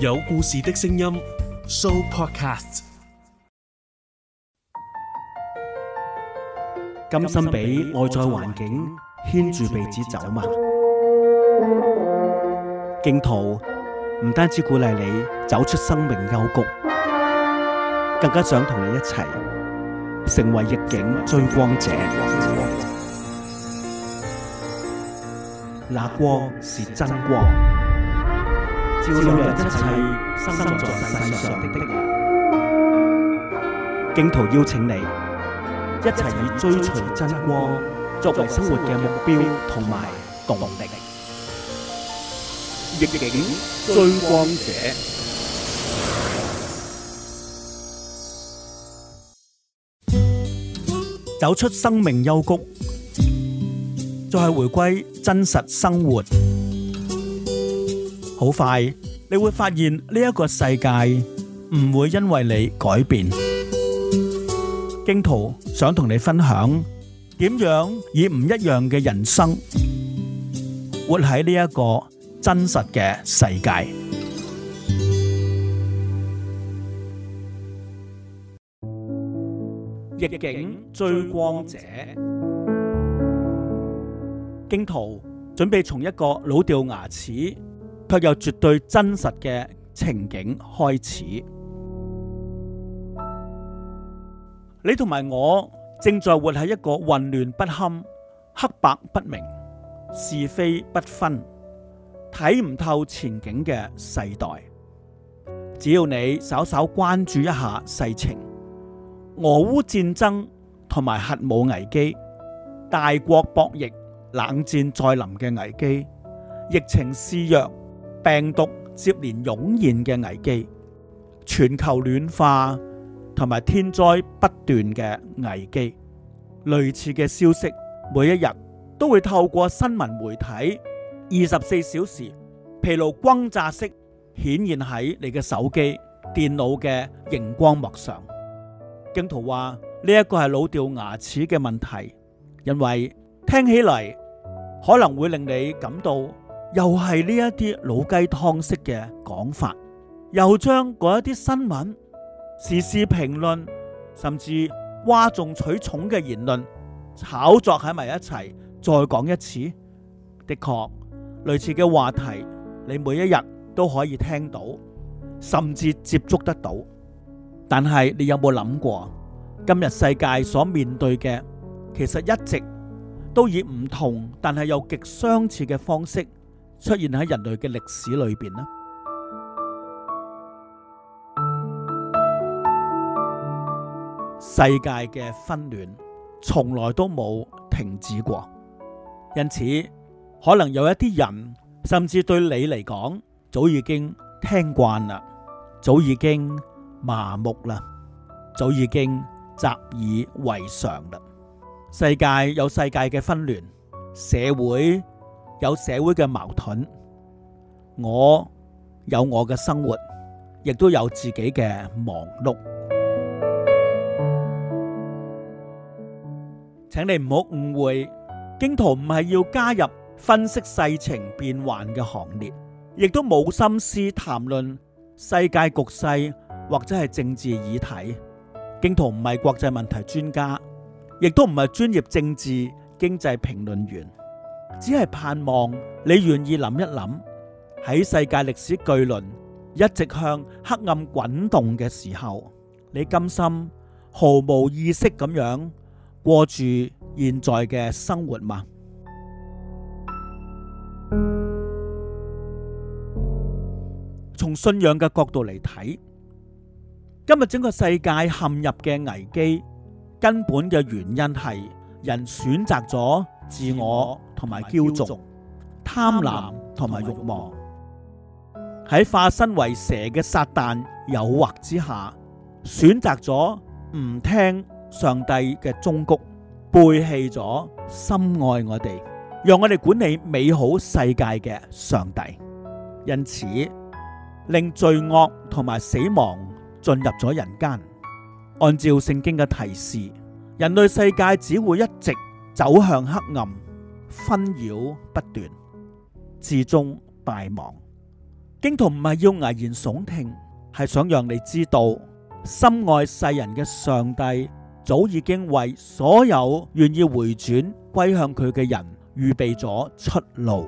有故事的聲音，Sooopodcast。甘心俾外在環境牽住鼻子走嘛？荊徒唔單止鼓勵你走出生命幽谷，更加想同你一齊成為逆境追光者。那光是真光。照亮一切生在世上的的人，荊徒邀請你一齊以追隨真光作為生活嘅目標同埋動力，逆境追光者，走出生命幽谷，再係回歸真實生活。好快，你會發現呢一個世界唔會因為你改變。荊徒想同你分享，點樣以唔一樣嘅人生，活喺呢一個真實嘅世界。逆境追光者，荊徒準備從一個老掉牙齒。卻又絕對真實嘅情景開始。你同埋我正在活喺一個混亂不堪、黑白不明、是非不分、睇唔透前景嘅世代。只要你稍稍關注一下世情，俄烏戰爭同埋核武危機、大國博弈、冷戰再臨嘅危機、疫情肆虐。病毒接連湧現嘅危機、全球暖化同埋天災不斷嘅危機，類似嘅消息，每一日都會透過新聞媒體二十四小時疲勞轟炸式顯現喺你嘅手機、電腦嘅熒光幕上。荊徒話呢一個係老掉牙齒嘅問題，因為聽起嚟可能會令你感到。又係呢一啲老雞湯式嘅講法，又將嗰一啲新聞、時事評論，甚至嘩眾取寵嘅言論炒作喺埋一齊，再講一次。的確，類似嘅話題，你每一日都可以聽到，甚至接觸得到。但係你有冇諗過，今日世界所面對嘅，其實一直都以唔同但係又極相似嘅方式。出現喺人類嘅歷史裏邊啦，世界嘅紛亂從來都冇停止過，因此可能有一啲人甚至對你嚟講，早已經聽慣啦，早已經麻木啦，早已經習以為常啦。世界有世界嘅紛亂，社會有社會嘅矛盾，我有我嘅生活，亦都有自己嘅忙碌。請你唔好誤會，荊徒唔係要加入分析世情變幻嘅行列，亦都冇心思談論世界局勢或者係政治議題。荊徒唔係國際問題專家，亦都唔係專業政治經濟評論員。只係盼望你願意諗一諗，喺世界歷史巨輪一直向黑暗滾動嘅時候，你甘心毫無意識咁樣過住現在嘅生活嗎？從信仰嘅角度嚟睇，今日整個世界陷入嘅危機，根本嘅原因係人選擇咗自我。同埋驕縱、貪婪同埋慾望，喺化身為蛇嘅撒旦誘惑之下，選擇咗唔聽上帝嘅忠告，背棄咗深愛我哋，讓我哋管理美好世界嘅上帝，因此令罪惡同埋死亡進入咗人間。按照聖經嘅提示，人類世界只會一直走向黑暗。紛擾不斷，至終敗亡。荊徒唔係要危言聳聽，係想讓你知道，深愛世人嘅上帝早已經為所有願意回轉歸向佢嘅人預備咗出路。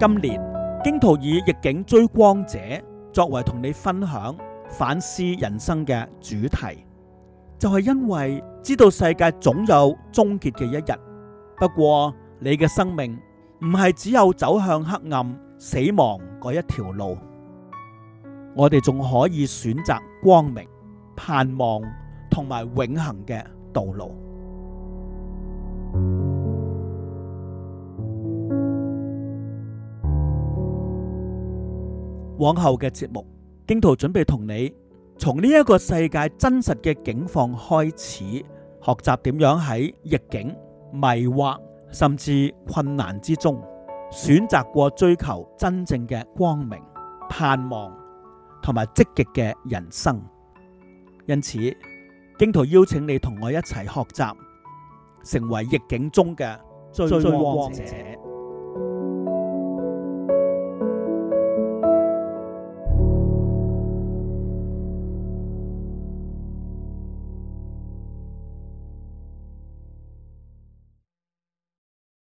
今年荊徒以逆境追光者作為同你分享反思人生嘅主題。就係、是、因為知道世界總有終結嘅一日，不過你嘅生命唔係只有走向黑暗、死亡嗰一條路，我哋仲可以選擇光明、盼望同埋永恒嘅道路。往後嘅節目，荊徒準備同你。從呢一個世界真實嘅境況開始，學習點樣喺逆境、迷惑甚至困難之中，選擇過追求真正嘅光明、盼望同埋積極嘅人生。因此，荊徒邀請你同我一齊學習，成為逆境中嘅追光者。